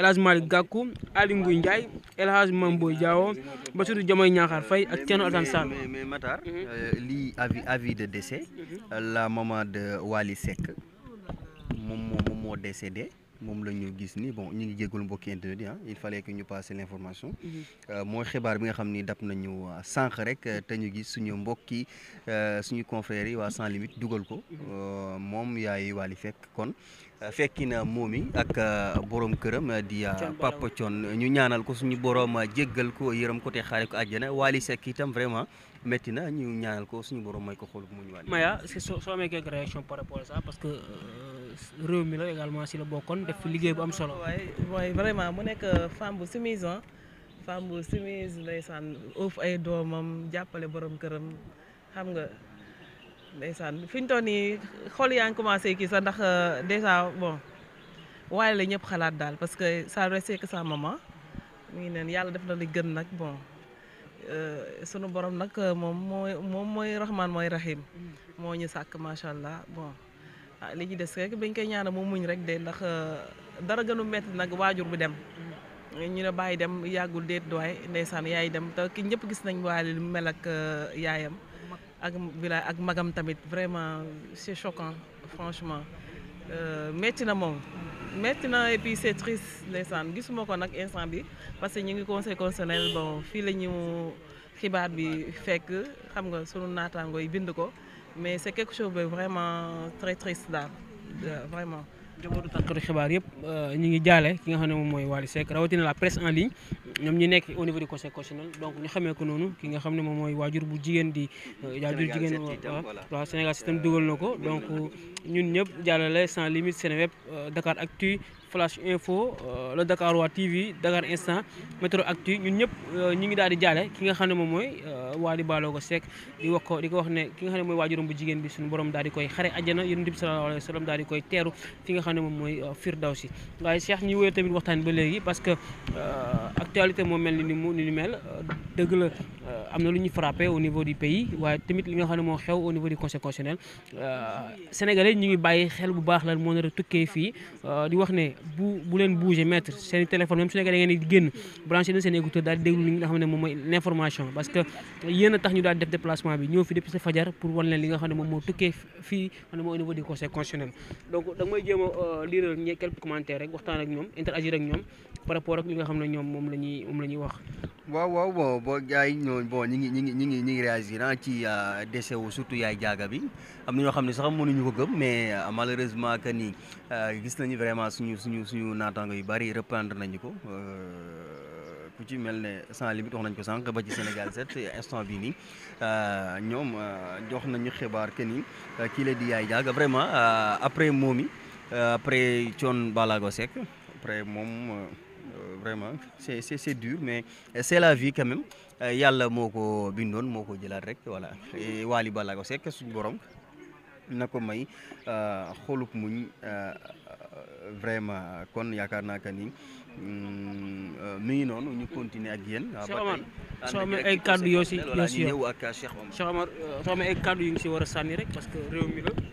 El Hadj Malick Gakou Aly Ngouille Ndiaye El Hadj Mame Boye Diao Bassirou ak Thierno Alassane Sall. mais euh, lii avis de décès mhm. la maman de Wally Seck moom moo moo décédé. moom la ñu gis ni bon ñu ngi jégalu mbokki internet yi ah il fallait que ñu passer l'information mhm. euh, mooy xibaar bi nga xam ni dab nañu euh, sànq rek euh, te ñu gis suñu mbokki suñu confrères yi waa sans limite dugal ko mhm. moom yaay Wally fekk kon fekki na moom yi ak borom këram di Papa Thione ñu ñaanal ko suñu borom jéggal ko yërëm ko te xaare ko àjjana Wally sekk itam vraiment métti na ñu ñaanal ko suñu borom may ko xool bu muñu wàll. Maya parce que. réew mi la également si la bokkoon def liggéey bu am solo. waaye vraiment mu nekk euh, femme bu soumise ah femme bu soumise ndeysaan uuf ay doomam jàppale borom këram xam nga ndeysaan fi ñu toll nii xool yaa ngi commencé kii sax ndax euh, déjà bon waaye la ñëpp xalaat daal parce que ça reste sa maman mu ngi neen yàlla def na li gën nag bon. Euh, sunu borom nag moom mooy moom mooy rahman mooy rahim mm. moo ñu sàkk macha allah ah li ci des rek bañ koy ñaanal mu muñ rek de ndax euh, dara gënu metti nag waajur bi dem. ñu ne bàyyi dem yàggul déet doy ndeysaan yaay dem te ki ñëpp gis nañ waa li mel ak euh, yaayam. ak village ak magam tamit vraiment c'est choquant franchement euh, métti na moom. metti na et puis c'est triste gisuma ko nag instant bi parce que ñu ngi conseil constitutionnel bon fii la ñu xibaar bi fekk xam nga sunu naataangoo yi bind ko. mais c'est quelque chose de vraiment très triste daal vraiment. jabootu taskatu xibaar yëpp euh, ñu ngi jaale ki nga xam ne moom mooy Wally Seck rawatina la presse en ligne ñoom ñi nekk au niveau du conseil constitutionnel donc ñu xamee ko noonu ki nga xam ne moom mooy waajur bu jigéen di euh, waajur jigéen waaw Sénégal système dugal na ko donc ñun ñëpp jàllale sans limite Seneweb euh, Dakar Actu Flash Info euh, le Dakar waa TV Dakar Instant Métro Actu ñun ñëpp euh, ñu ngi daal di jaale ki nga xam ne moom mooy Wally Ballago Seck di wax ko di ko wax ne ki nga xam ne mooy waajuram bu jigéen bi suñu borom daal di koy xare àjjana Yonent bi sallallahu alayhi wa sallam daal di koy teeru fi nga xam ne moom mooy Firdawsi waaye Cheikh ñuy wéyal tamit waxtaan ba léegi parce que actualité moo mel ni ni mu ni mel dëgg Euh, am na lu ñu frappé au niveau du pays waaye tamit li nga xam ne moo xew au niveau du conseil constitutionnel euh, sénégalais ngi bàyyi xel bu baax lan moo nar a tukkee fii euh, di wax ne bu bu leen bouger mettre seen téléphone même su nekkee da ngeen génn branché leen seen écouteur daal di déglu nga xam ne moom moo tukkee fii xam ne moo au niveau du conseil donc da nga may jéem a liiral ñe quelques rek waxtaan ak ñoom interagir ak ñoom par rapport bon ñi ngi ñi ngi ñi ngi ñi ngi réagir ah, ci ah, décès wu surtout yaay jaaga bi am na ñoo xam ne sax mënuñu ko gëm mais ah, malheureusement que ni gis nañu vraiment suñu suñu suñu naataango yu bari reprendre nañu ko euh, ku ci mel ne sans limite wax nañ ko sànq ba ci Sénégal 7 instant bii nii ñoom jox nañu xibaar que ni kii la di yaay jaaga vraiment après moom yi après coon Balago Seck après moom. vraiment c'est c'est c'est dur mais c'est la vie quand même euh, yàlla moo ko bindoon moo ko jëlaat rek voilà Wally Ballago Seck suñu borom na ko may euh, xolub muñ euh, vraiment kon yaakaar naa que ni mm, mi ngi noonu ñu continuer ak yéen. soo amee ay kàddu yoo si war a sànni rek parce que réew mi la.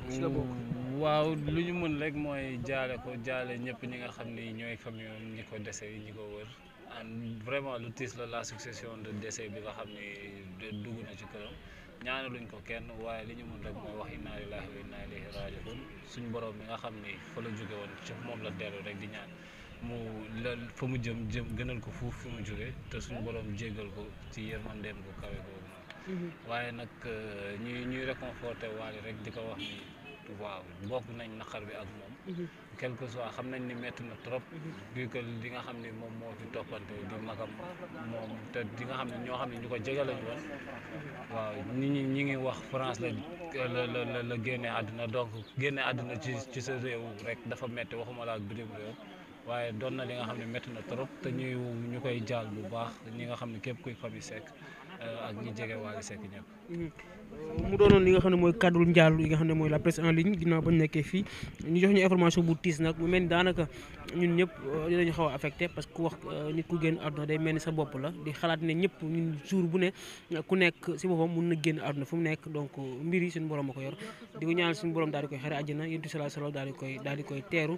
waaw lu ñu mën rek mooy jaale ko jaale ñëpp ñi nga xam ni ñooy famille am ñi ko dese yi ñi ko wër vraiment lu tiis la la succession de décès bi nga xam ni dugg na ci këram ñaana luñ ko kenn waaye li ñu mën rek mooy wax inna lillahi wa inna ilayhi raji'un suñ borom bi nga xam ni fa la jóge woon ci moom la dellu rek di ñaan mu la fa mu jëm jëm gënal ko fuuf fi mu jóge te suñu boroom jéggal ko ci yërmandeem ko kawe ko mhm. waaye nag euh, ñuy ñuy réconforté waale rek di ko wax waaw bokk nañ naqar bi ak moom mhm. quelque soit xam nañ ni métti na trop mhm. li nga xam ne moom moo fi toppante di magam moom di nga xam ne ñoo xam ne ñu ko jege mhm. waaw ñi ñi ñi ngi wax France la la la la àdduna donc génne àdduna ci ci sa réew rek dafa métti waxuma la ak bitim réew waaye doon na li nga xam ne métti na trop te ñuy ñu koy jaal bu baax ñi nga xam ne képp kuy famille Seck Euh, ak mu doonoon li nga xam ne mooy kàddul njaal yi nga xam ne mooy la presse en ligne ginnaaw bañ nekkee fii ñu jox ñu information bu tiis nag mu mel ni euh, xaw a affecté parce que wax euh, nit ku génn àdduna day mel ni sa bopp la di xalaat ne ñëpp ñun jour bu ne ku nekk si boppam mun na génn àdduna fu mu nekk donc mbir yi suñu borom a ko yor di ko ñaanal suñu borom daal di koy xare àjjana yéntu sala solo daal di koy daal di koy teeru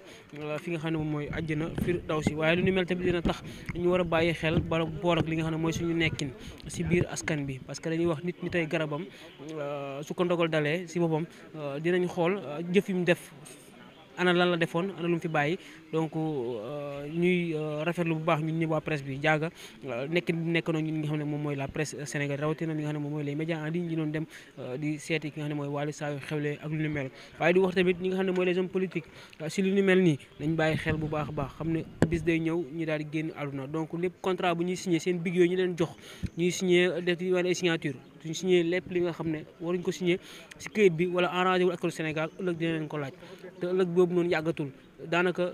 fi nga xam ne moom mooy àjjana fir daw si waaye lu ñu mel tamit dina tax ñu war a bàyyi xel bara boor li nga xam ne mooy suñu nekkin si askan bi parce que dañuy wax nit nitay garabam euh, su ko ndogal dalee si boppam euh, dinañu xool euh, jëf yi mu def ana lan la defoon ana lu mu fi bàyyi donc euh, ñuy euh, rafetlu bu baax ñu ñëpp waa presse bi jaaga euh, nekk nekk noonu ñun nga xam ne moom mooy la presse sénégalaise rawatina ñi nga xam ne moom mooy les médias en ligne ñi doon dem di ñu mel waaye di tamit ñi nga xam ne mooy les hommes politiques si lu ñu mel nii nañ bàyyi xel bu baax a baax xam ne bis day ñëw ñu daal di génn àdduna donc lépp contrat bu ñuy signé seen big yooyu ñu leen jox ñuy signé def di wane signature si signé lépp li nga xam ne waruñ ko signé si kayit bi wala arrangé wul askanu Sénégal ëllëg dinañ ko laaj te ëllëg boobu noonu yàggatul daanaka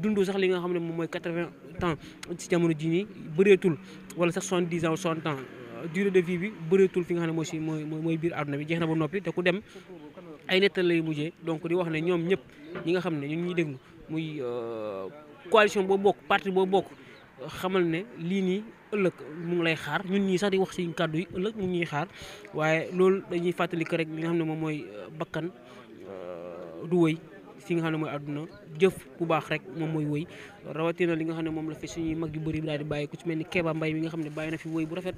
dundu sax li nga xam ne moom mooy quatre-vingts ans si jamono ji nii bëreetul wala sax soixante-dix ans soixante ans euh, durée de vie bi bëreetul fi nga xam ne mooy si mooy mooy biir àdduna bi jeex na ba noppi te ku dem ay nettal lay mujjee donc di wax ne ñoom ñëpp ñi nga xam ne ñun ñuy déglu muy euh, coalition boo bokk parti boo bokk xamal ne lii nii ëllëg mu ngi lay xaar ñun ñii sax di wax suñu kàddu yi ëllëg mu ñuy xaar waaye loolu dañuy fàttali rek li nga xam ne moom mooy euh, bakkan euh, du woy si nga xam ne mooy àdduna jëf bu baax rek moom mooy woy rawatina li nga xam ne moom la fi suñuy mag yu bëri daal di bàyyi ku ci mel ni Kéba Mbaye mi nga xam ne bàyyi na fi woy bu rafet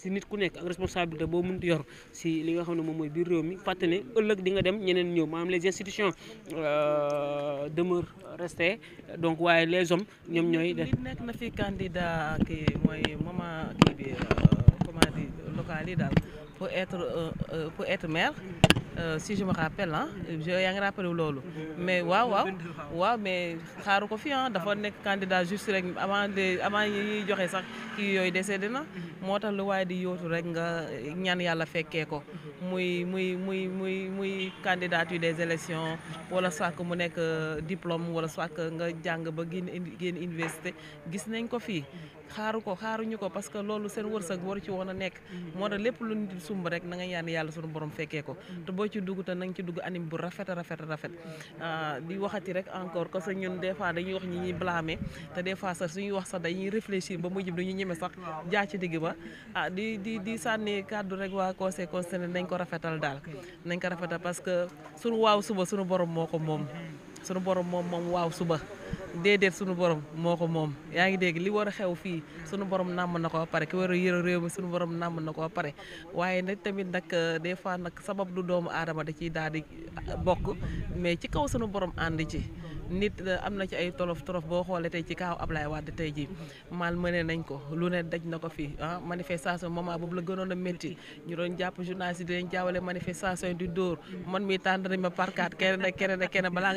si nit ku nekk ak responsabilité boo mënti yor si li nga xam ne moom mooy biir réew mi fàttali ëllëg di nga dem ñeneen ñëw maanaam les institutions euh, demeurent restées donc waaye les hommes ñoom ñooy def maman kii bi euh, comment dire locale yi daal pour être euh, euh, maire si je me rappelle ah yaa ngi rappelé loolu mais waaw waaw waaw mais xaaru ko fi dafa nekk candidat juste rek avant de avant yi joxe sax kii yooyu décédé na moo tax lu waaye di yootu rek nga ñaan yàlla fekkee ko muy muy muy muy muy candidature des élections wala soit mu nekk diplôme wala soit nga jàng ba génn génn université gis nañ ko fii xaaru ko xaaruñu ko parce que loolu seen wërsëg waru ci woon a nekk moo tax lépp lu nit sumb rek na nga ñaan yàlla sunu borom fekkee ko te boo ci dugg te na ci dugg anim bu rafet rafet rafet ah, di waxati rek encore parce que ñun des fois dañuy wax ñi ñu blâmer te des fois sax suñuy wax sax dañuy réfléchir ba mujj dañuy ñeme sax jaa ci digg ba ah di di di sànni kàddu rek waa conseil concerné dañ ko rafetal daal nañ ko rafetal parce que sunu waaw suba sunu borom moo ko moom sunu borom moom moom waaw suba déedéet sunu borom moo ko moom yaa ngi dégg li war a xew fii sunu borom nàmm na ko ba pare ki war a yëre réew mi sunu borom nàmm na ko pare waaye nag tamit nag euh, des fois nag sabab lu doomu aadama da ciy daal di euh, bokk mais ci kaw sunu borom ànd ci. nit eh, am na ci ay tolof tolof boo xoolee tey ci kaaw Ablaye Wade tey ji mal mëne nañ ko lu ne daj na ko fii ah manifestation moment boobu la gënoon a métti ñu doon jàpp journaliste di leen man mi tànn nañ ma par carte keneen ak keneen ak keneen balaa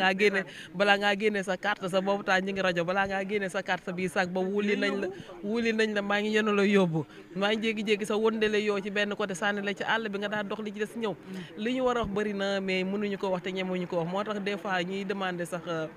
ngaa génne sa carte sa boobu taa ñu ngi rajo balaa ngaa génne sa carte bii sax ba wuli nañ la wuli nañ la maa ngi yenu la yóbbu maa ngi jékki-jékki sa wëndele yoo ci benn côté sànni la ci àll bi nga daan dox li ci des ñëw li ñu ko wax te ñemuñu ko moo tax des fois ñuy demander sax euh,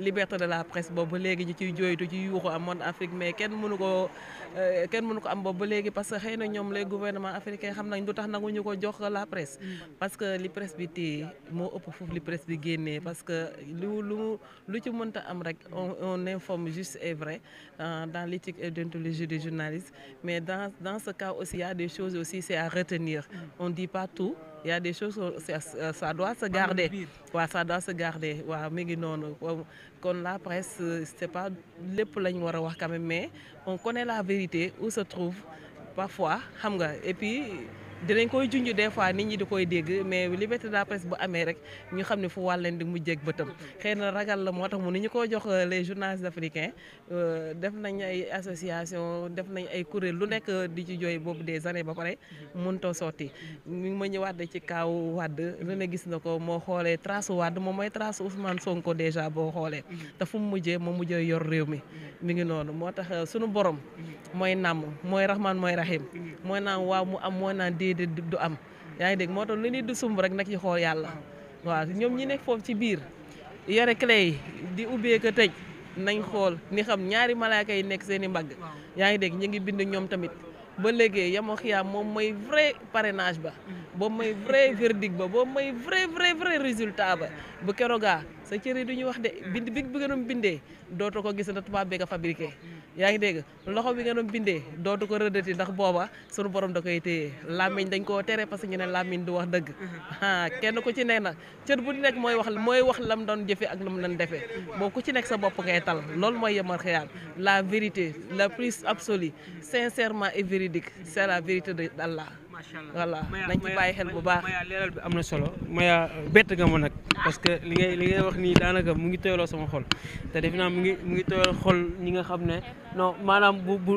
liberté de la presse boobu ba léegi ñu jooytu ci yuuxu amoon Afrique mais kenn mënu ko euh, kenn mënu ko am boobu léegi parce que xëy ñoom les gouvernements africains xam nañ lu tax nangu ñu ko jox la presse. Mm. parce que li presse bi téye moo ëpp foofu li presse bi génnee parce que lu lu lu ci mënta am rek on on informe juste et vrai euh, dans l'éthique et déontologie des journalistes mais dans ce cas aussi y a des choses aussi c'est à retenir mm. on dit pas tout. Il y a kon la presse c'est pas lépp lañ war a wax quand mais on connaît la vérité où se trouve parfois xam nga et puis dinañ koy junj des fois nit ñi di koy dégg mais liberté de la presse bu amee rek ñu xam ne fu wàll di mujjee ak bëtam xëy na ragal la moo tax mu ni ñu ko jox euh, les journalistes africains euh, def nañ ay association def nañ ay kuréel lu nekk di ci jooy boobu des années ba pare mënutoo sotti ñu ma ñëwaat ci kaaw Wàdd René gis na ko moo xoolee trace Wàdd moom mooy trace Ousmane Sonko déjà boo xoolee te fu mu mujjee moo mujjee yor réew mi mi ngi noonu moo tax euh, sunu borom mooy nàmm mooy rahman mooy rahim yi di du am yaa ngi dégg moo tax lu nit di sumb rek nag ci xool yàlla waaw ñoom ñi nekk foofu ci biir yore clé yi di ubbee ko tëj nañ xool ni xam ñaari malaaka yi nekk seen i mbagg yaa ngi dégg ñu ngi bind ñoom tamit ba léegi yamoo xiyaam moom mooy vrai parrainage ba mm-hmm. boobu mooy vrai ba boobu mooy vrai vrai résultat ba bu keroogaa sa cëri du ñuy wax de bind bi bi gënum bindee dootoo ko gis na tubaab bi yaa ngi dégg loxo bi nga doon bindee dootu ko rëddati ndax booba sunu borom da koy téye làmmiñ dañ koo teree parce que ñu ne làmmiñ du wax dëgg kenn ku ci nekk nag cër bu di nekk mooy wax mooy wax lam doon jëfe ak la mu doon defee boo ku ci nekk sa bopp ngay tal loolu mooy yemal xiyaam la vérité la plus absolue sincèrement et véridique c'est la vérité allah voilà nañ ci bàyyi xel bu baax maya bi am na solo maya bett nga ma nag parce que li ngay li ngay wax nii daanaka mu ngi tooyloo sama xol te def naa mu ngi mu ngi tooyal xol ñi nga xam ne non maanaam bu bu